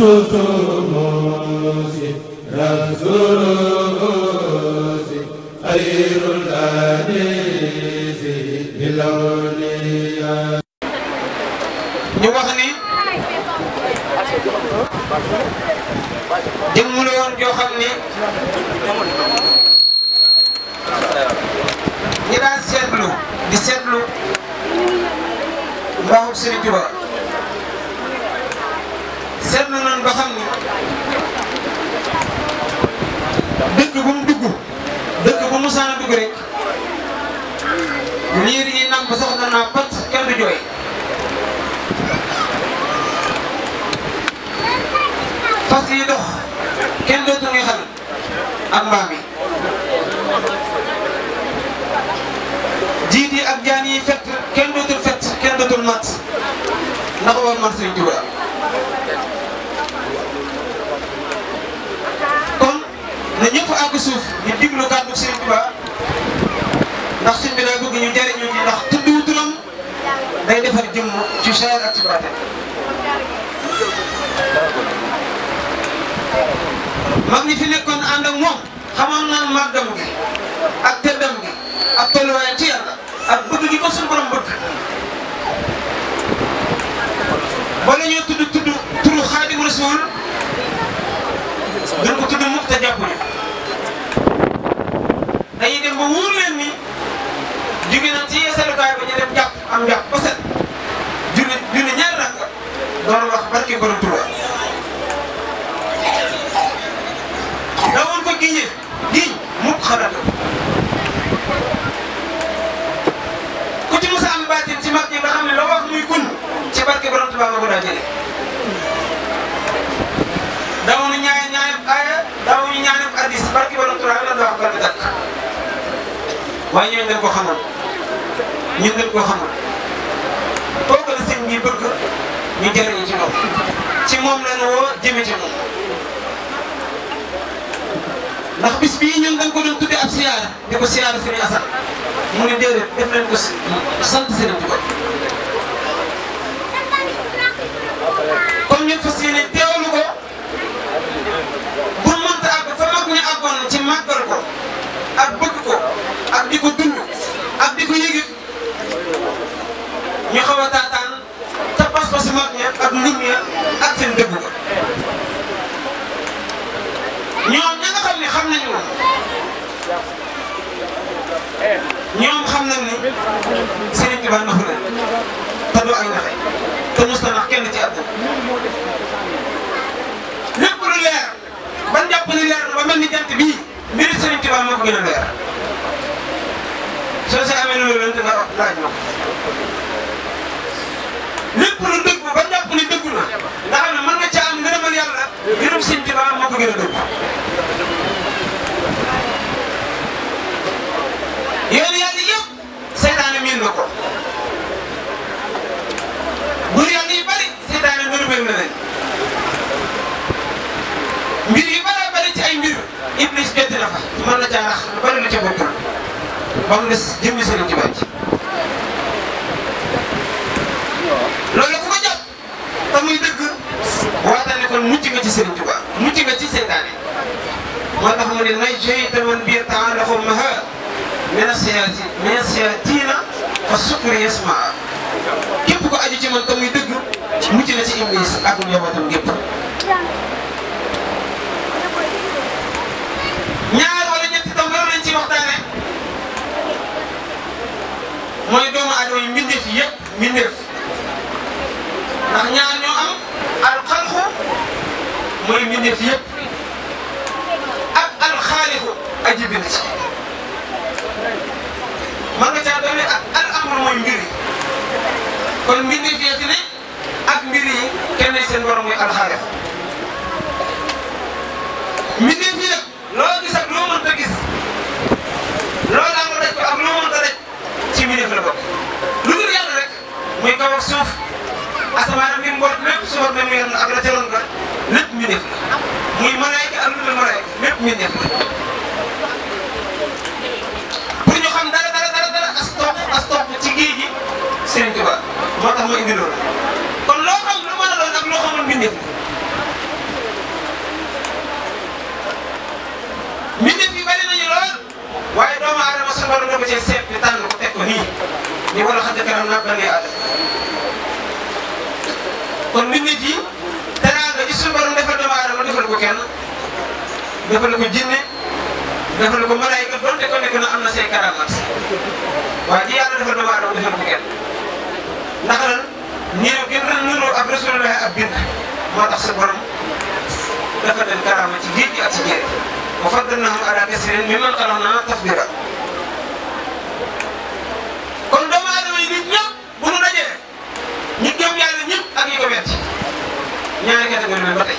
Sultan. niir yi naan ba sax danaa pat kenn du jooy. fas yi dox kenn dootu nga xam ak mbaam yi. jiit yi ak jaan yi fett kenn dootul fett kenn dootul mat ndax war man Sëriñ Tuubaa kon na ñëpp àgg suuf ñu diglu kàddu Sëriñ Tuubaa ndax suñ bi daa bëgg ñu jariñu ci ndax tudd wu turam day defar jëmm ci saayir ak ci baatin mag ñi fi nekkoon ànd ak moom xamoon naan màggam gi ak teddam gi ak tolluwaay ci ak bëgg gi ko suñu borom bëgg door wax barke borom Tuuba dawoon ko giñe giñ mukk xarat ku ci musa am ci mag ñi nga wax muy kun ci barke borom Tuuba nga ko la doo wax barke dakk waaye ñooñu dañ ko xamoon ñun dañ ko xamoon kooku la sëñ bi bëgg ñu jëriñ noonu ci moom la ñu woo jëme ci moom ndax bis bii ñun dañ ko doon tudde ab siyaara di ko siyaara Sëriñ Asan mu ne déedéet def leen ko sant Sëriñ Tuuba kon ñun fas yéene teewlu ko bu mënta àgg fa mag ñu àggoon ci màggal ko ak bëgg ko ak di ko dund ak di ko yëgit ñu xaw ak nit ñi ak seen dëgg ñoom ña nga xam ne xam nañu woon ñoom xam nañ ni Serigne Touba naxu leen te du ak naxe te mos na nax kenn ci àdduna lépp lu leer ban jàpp ni leer na ba mel ni jant bii mbiri Serigne Touba moo ko gën a leer soo sa amee numéro bi nga laaj ma lépp lu dëgg mbirum Sëñ Tuubaa moo ko gën a dugg yoonu yàlla yëpp seytaane miin na ko bur yàlla yu bëri seytaane mbir bëri na leen mbir yu bëri bëri ci ay mbir Iblis jot na fa mën na caa rax lu bëri ca bokkul ba mu des jëmmi Sëriñ Tuubaa loolu ku ko jàpp te dëgg kon mucc nga ci Serigne Touba mucc nga ci seytaane moo tax mu ne may joxe taman biir temps dafa maha mena siyaati mena siyaatiina fa sukri yasmaa képp ko aju ci man te muy dëgg mucc na ci iblis ak njabootam gépp ñaar wala ñetti tam loolu lañ ci waxtaane mooy doomu aadama mbindeef yëpp mbindeef ndax ñaar ñoo am mu ne ñun ñëpp ak alxaaliqu aji na ci man nga caa doon ne ak al amru mooy kon mbir yi fii ak mbir yi kenn seen borom muy alxaaliqu mbir loo gis ak loo mënta gis loolu laa ko ak loo mënta daj ci mbir yi la bokk lu dul yàlla rek muy kaw suuf. asamaan ak li mu bokk lépp suba ba mu yor lu dul malaayka lépp mi def la xam dara dara dara dara as ci géej gi Sëriñ Tuubaa moo tax mu indi loolu kon loo xam lu mën a doon ak loo xamul mi def la mbindeef yi bari nañu lool waaye doomu aadama suñu borom da ko cee seet di tànn ko teg ko nii ñu war a xam ne kanam naa bëggee aadama kon nit ñi ci teraanga gi suñu borom defal doomu aadama defal ko kenn defal ko jinne defal ko malaayka donte ko nekk na am na say karamaat waaye ji yàlla defal doomu aadama defal ko kenn ndax lan niiru gën a niiroo ab rasulullah ab bind moo tax sa borom dafa leen karaama ci géej gi ak ci jéere wa faddalnahum ala kasirin mimman xalaqnaa tafdiila ñaari catégorie lañ ba tey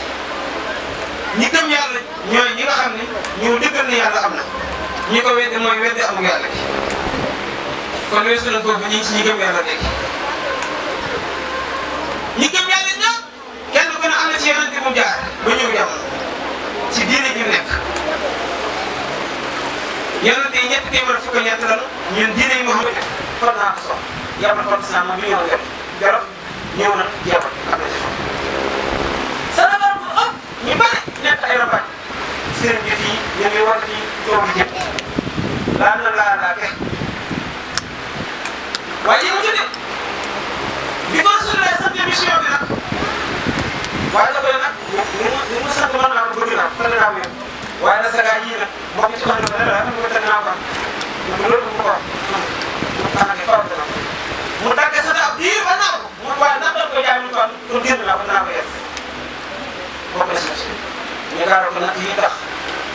ñi gëm yàlla ñooy ñi nga xam ne ñoo dëggal ne yàlla am na ñi ko weddi mooy weddi amul yàlla gi kon weesu nañ foofu ñu ngi si ñi gëm yàlla léegi ñi gëm yàlla ñëpp kenn ku ne am na ci yonente bu jaar ba ñëw jamono ci diine nekk yonente yi ñetti téeméer fukk ak ñett lan ñun diine yi Muhammad kon naa ko soxla yàlla kon si ñëw na jot jorof ñëw ngi war ci joom jëpp laa na laa naa ke waaye yow ci de bi ko sulle sant émission bi nag waaye dafa nag ñu mu sant man naa ko bëgg naa ko tane naa ko yëpp waaye na sagaa yii nag mbokk ci xam ne dana la xam nga tane naa ko am loolu mu ko wax xanaa faw dana mu dagg sa ab diir ba naa ko mu waaye ndax doon ko jaay mu ko am kon génn naa ko dinaa ko yegg bokk na si ñu gaaral ko nag yi tax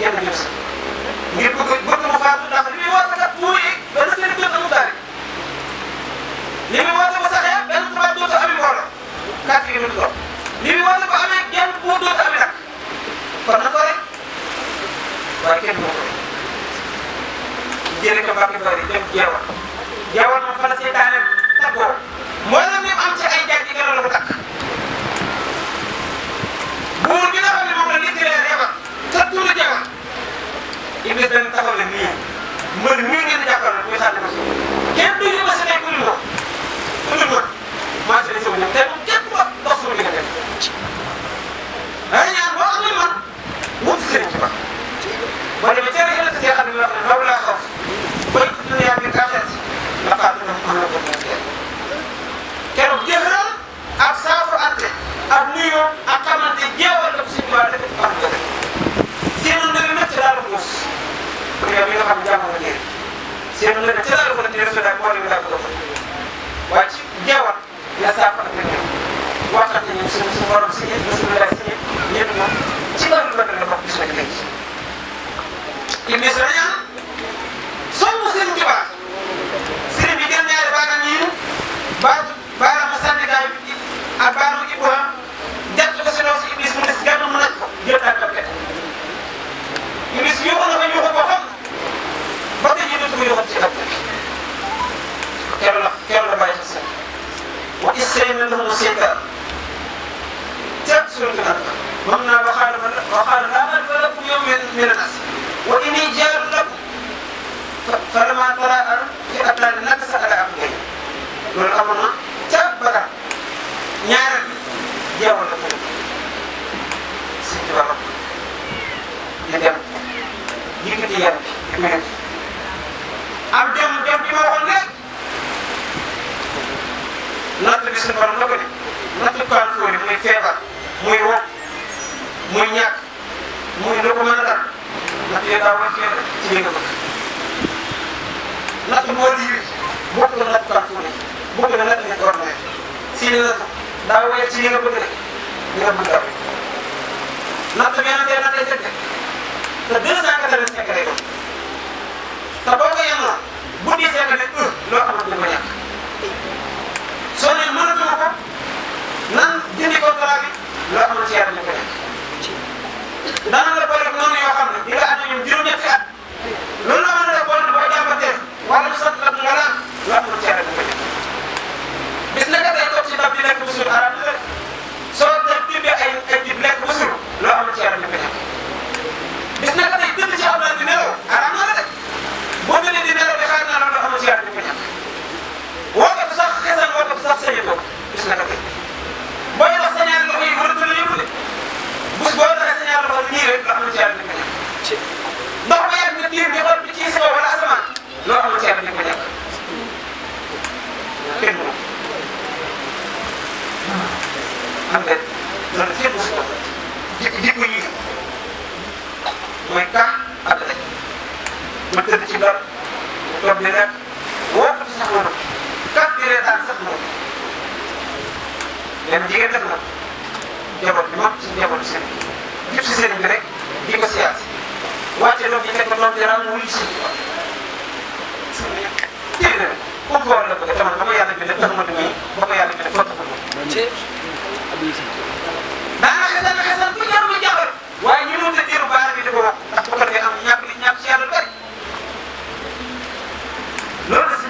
yéen a ngi si ngir bëgg bëgg mu faatu ndax li muy woote kat tuuri yi ba des leen gën a mu taari li muy woote ba saxee benn tubaab dootoo amee mbooloo kàtt gi mu toog li muy woote ba amee genn buur dootoo amee nag kon na ko rek waaye kenn moo ko rek jëlee ko Mbacke Bari dem jeewal jeewal ma fa la seetaane boo demee ca rajo yi nga xam ne moom loolu laa soxla bëri na ñu yaatu kaa xet ndax am na ko mën a teel keroog jëfandal ak saafu àtte ak nuyoo ak xamante jeewal la ko suñu tubaab defee ci bànqxu bëri. seen ndëgg nag ci laalu muus pour yow mi nga xam ne jàmm nga njëriñ seen ndëgg ci laalu muus dina sodaag mboolem bi daa ko doon waaye ci jeewal la saafu àtte ñëw waxtaan nañu suñu suñu borom si ñëpp bisimilah si ñëpp ñëpp moom ci loolu la ko gis nañ léegi. yimɓe so daña sonmo sëriñ Tuba sëriñ mi gernade baɗam yin baɗu baɗama sannega a baɗo iɓɓo ham jatto ko sono so iblis mu des gandu mu nat jonɗa kam kadi iblis yuhono ko yuho ko fam baɗa jiɗutu ko yuhon ci abdu kerla kerla baye hasan wa istayna lahum seytan teab suratul anfa mamna wa qala la man lakum yawmin min anas وإني جار لكم فلما في على ndax yéen daaw na ci yéen ci yéen a bëgg natt moo di bokk na natt partout ne bokk na natt nekk ordinaire si ne natt daa wéy ci li nga bëgg rek li nga bëgg a amee natt bi nag day nattee jënd te 285 lay doon te boo ko yem la bu di seet ne un loo xamante ni ma ñàkk soo ne mënatuma ko nan jëndi contrat bi loo xamante ni yàlla ñu ko ñàkk. dana la boole noonu yoo xam ne di nga ànd ñoom juróom-ñetti at loolu la mën a def boole boo jàmbatee wàllu sant la nga naan lu amul cere bu ko def bis naka tey toog ci ndab di lekk musul araam la soo def tibbee ay ay jib lekk musul loo amul cere bu ko def bis naka tey tëdd ci am na di nelaw araam la rek boo tëddee di nelaw di xaar naa loolu amul cere bu ko def woo ko sax xesal woo ko sax sëyi ko 你以为咱们家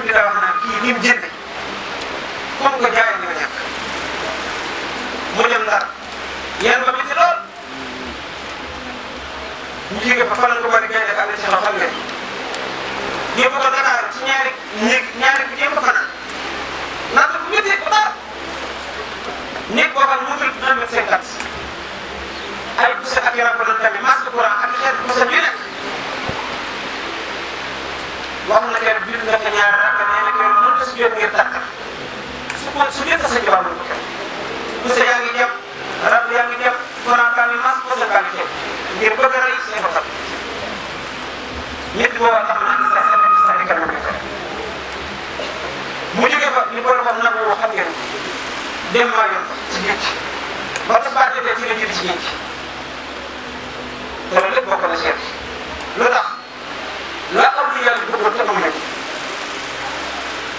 di daa wax naan kii mu jëndee comme que jaayoon dina ñàkk mu dem Ndar yan ba métti lool ñu jóge fa fanal ko bari gaynde ak ci loxol nga yóbbu ko Dakar ci ñaari néeg ñaari bi yëpp fanaan ko dara néeg boo xam ne ay pousse ak yaram ko doon tamit masque courant ak xeetu pousse yu nekk wax na julli nga fi ñaar rakk nee na yoon mënut a sujjóot ngir takk su ko sujjóot sa jabar bu ko bu sa yaa ngi jàpp rab yaa ngi jàpp courant kaa ngi mas bu sa kaa ngi jàpp ngir bëgg a rey suñu boppam ñett booba tax na sa sa nekk sa nekk mu nekk mu jóge fa ñu borom xam nangu xam ngeen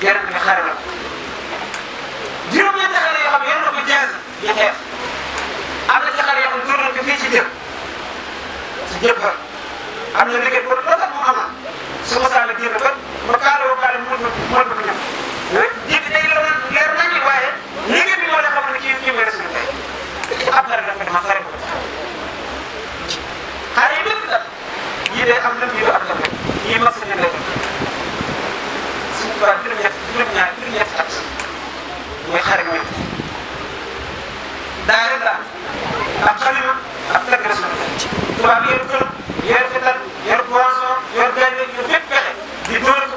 yonent bi xare na ko juróom-ñetti xare yoo xam yor na ko jaas yi xeex am na ci xare yoo xam dóor na ko fii ci jëm ci jëm xar am na liggéey bu doon mu amoon su ma saa la génn ba ba kaaloo kaale mu mën ma mën ma ñëw jiitu day loolu leer nañ ñu waaye liggéey bi moo la xamal ne kii kii mooy rasul tey ab xare dafa dama xare ko xare yi bépp nag yii day am lam yii du am lam rek yii mas nañ leen suñu tubaab juróom-ñaar juróom-ñetti at muy xarit mi daara la ak xalima ak tëgg la suñu tubaab yor këram yor fital yor poisson yor gàncax yor fépp pexe di dóor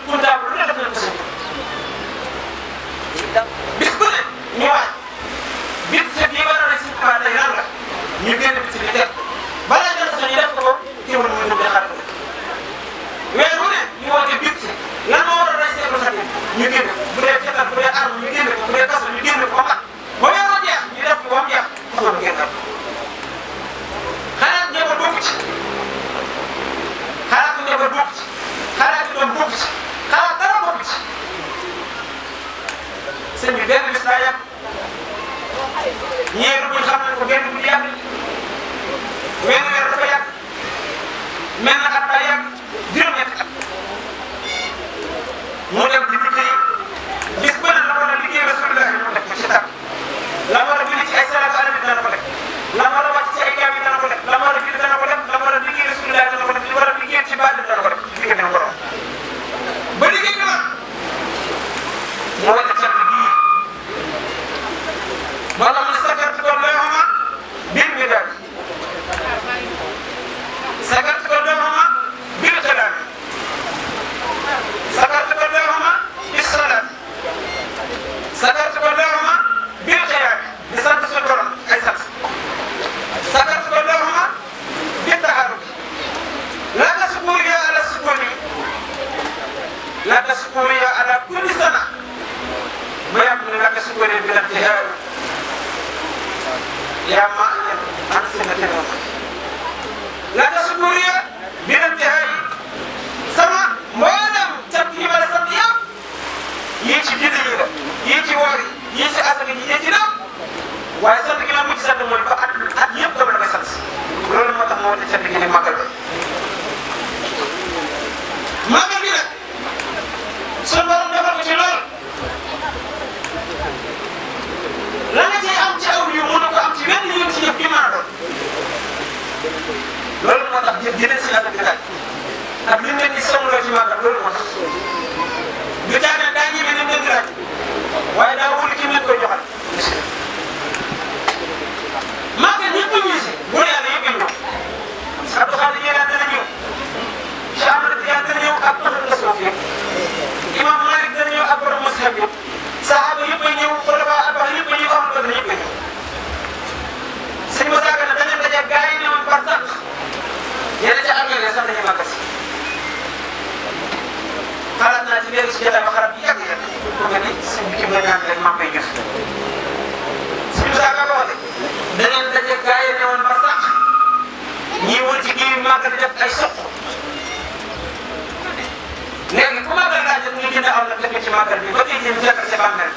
el ci jotaay ba xaram bi yàgg yàgg pour nga ni sëñ bi Ibrahima naan leen maa koy jëf suñu saa nga wax de da ngeen daje gaa yi ne woon ba sax ñii wër ci kii màggal def ay soq léegi ku màggal daa jot ñu jënd aw nag dëkk ci màggal bi ba tey jëm jàkkal ci bàmmeel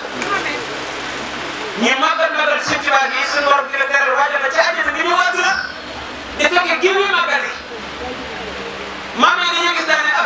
ñi màggal màggal suñ ci baa gi suñu borom bi la teral waajal na ci àjjana bi ñu wàgg la di fekkee gii muy màggal yi maam yi dañuy gis daa ne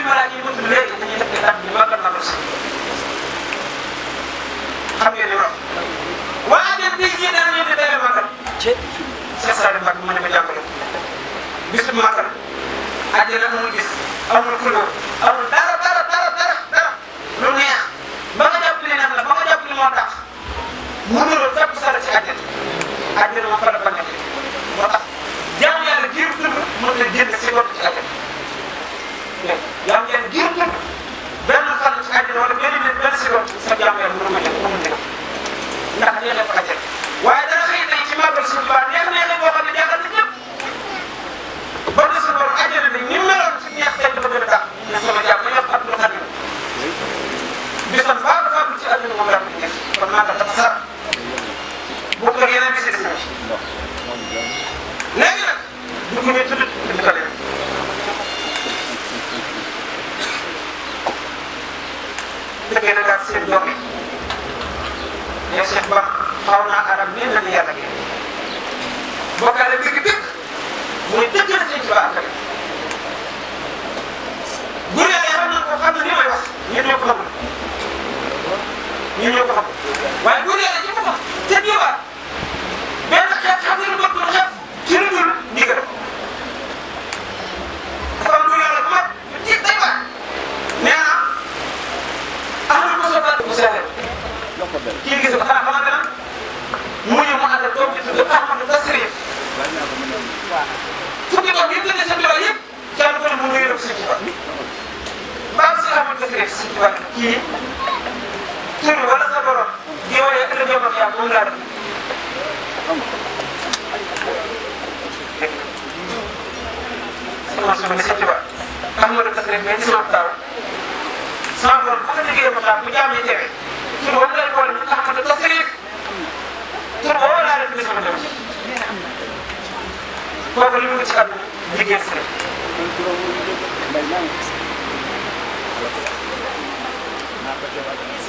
jumaat yi beliau léegi tetap def étape bi ba bis ma jàngal ma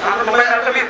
am na lu may alxamis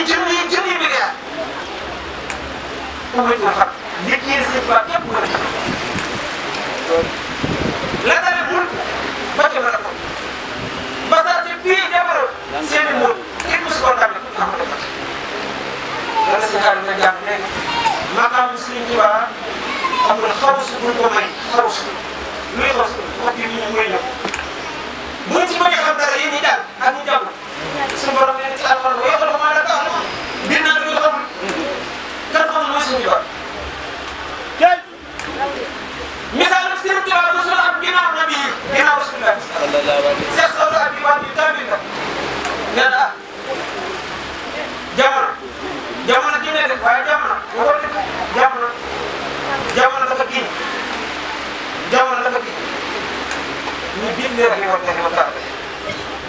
junni junni junni milliards ubbi na fa liggéey si tubaab yëpp mën la dara bul ba ci mën a si xaar nga jàng ne maqaamu Sëriñ Tuubaa amul xawsu bu ko may xawsu luy xawsu wax bi mu muy ñëw bu ginnaaw rasulillah sees loolu ak yu wàññi tamit la nee na ah jamono jamono ji ne de waaye jamono waxoon nañu jamono jamono dafa kii jamono dafa kii ñu bindee rek woon nañu woon dara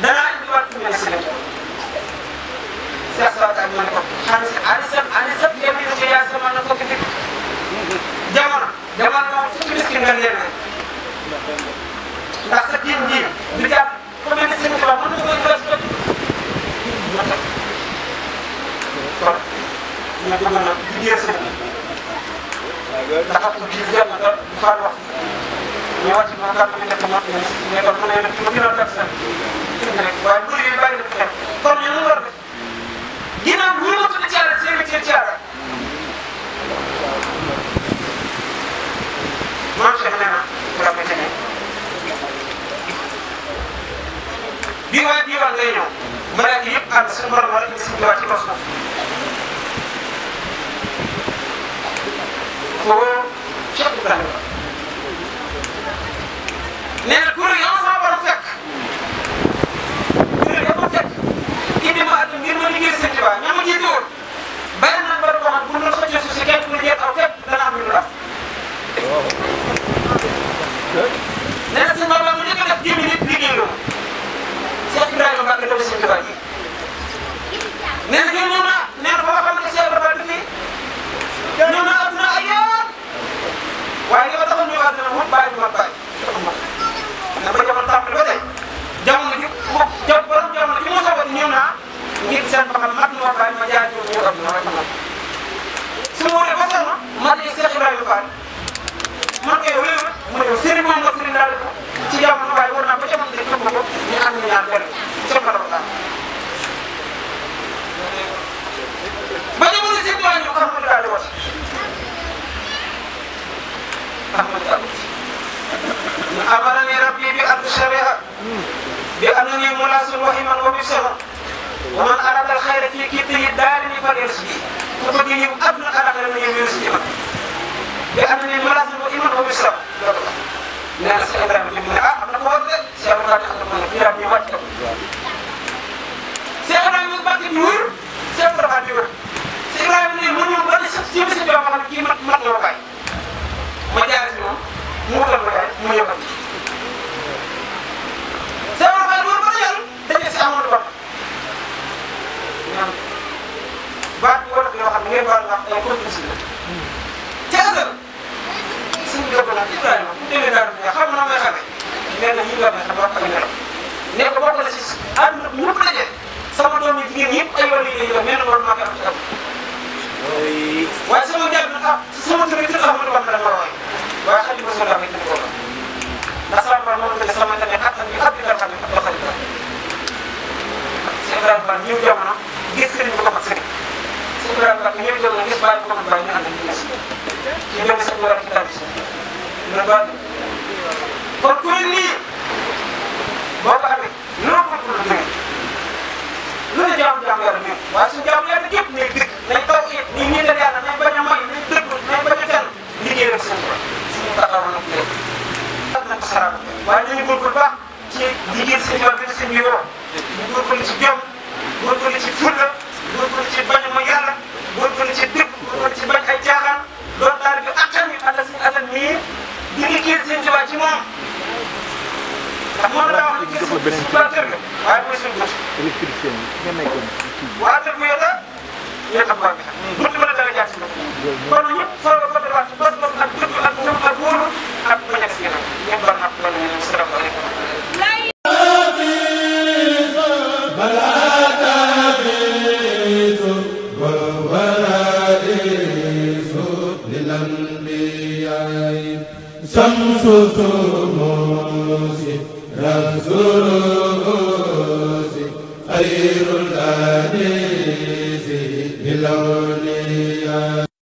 danaa indiwaat fi mu ne si lépp sees loolu ak ñu ne ko xaalis anisam anisam yéen a ngi ko yaay sama na ko fi jamono jamono moom fukki miskin nga leen ndax sa diin ji du jàpp ku mel ne Sëriñ Tuubaa mën na ko jël jot kon ñu bëggoon a liggéeyal sëriñ bi ndax ak ji jot na bu faal wax ñëwaat ci moom kàddu gi nekk moom mais kon mu ne nag ci ma gënoon def sa waaye mbir yi bari na fi xel kon ñu war a def ginnaaw ñu ma tudd Thiara seen métier Thiara maam Cheikh nee na diwaan diwaan ngay ñëw malaaka yëpp ànd suñu borom war a indi suñu diwaan ci kaw suuf foofu ceeb bu tànn nee na kuréel yi sama borom fekk kuréel yi fekk indi ma àdduna ngir ma liggéey seen tubaab ko si xibaar yi nee na ñoom ñoo na nee na boo xam ne Cheikh Ibrahima Fall du fi ñoo na adduna ay yoon waaye li ko taxoon ñëw adduna moom bàyyi ñu mat bàyyi na ba jamono tàmbali ba tey jamono ji moom jàpp borom jamono ji moo soxla ñëw naa ngir seen ba xam mat moo bàyyi ma jaay ñëw wóor adduna rek ma su ma wóoree ba sonn ma ne Cheikh Ibrahima Fall man kay wéyoo ma ne ko sëriñ moom nga sëriñ daal ci jamono waaye war naa ba jamono de ñu ko ñu ànd ñu ñaan benn حملني ربي بأن أشرها بأنني ملاس وهما وبصرا ومن أراد الخير في كتله دارني فليرسلي وتجيب أبن الأخر من يمسلي لأنني ملاس وهما وبصرا ناس إبراهيم بن عام نقول سيرنا إبراهيم وجهه سيرنا من بعد النور سيرنا بعد النور سيرنا من المنور بعد سبتي مسجد وعمل كيمة مطلوبة ما جارس منه مو كان ما جارس مو يبغى xamone ba ñaan baat bi wala nga xam ngeen baal nga ay kurtus la tiazal suñu jox la ibrahima bu demee daar nga xam na may xamé neena yi nga may xabar ak ñaan ne ko bokk la ci ad ñepp la jé sama doom yi yépp ay wala ma ko sama jaab na sama tamit ci xamul ba la waay waaye xadi ba sama la ko sama ba mo ko sama Ibrahim new ñëw jamono gis sëriñ bu ko mat sëriñ si Ibrahim Ba ñëw jamono gis bàyyi bu ko mat bàyyi ñu ànd ak ñu ñu lu ne jaam jaam yàlla ne waaye suñu nih, nih yëpp ini dëkk nañ taw it ni ñi la yàlla nañ bañ a may nañ dëggul nañ bañ a fenn liggéey rek seen borom suñu taxaw na inscription bi nga nekkoon. waaw sëñ bi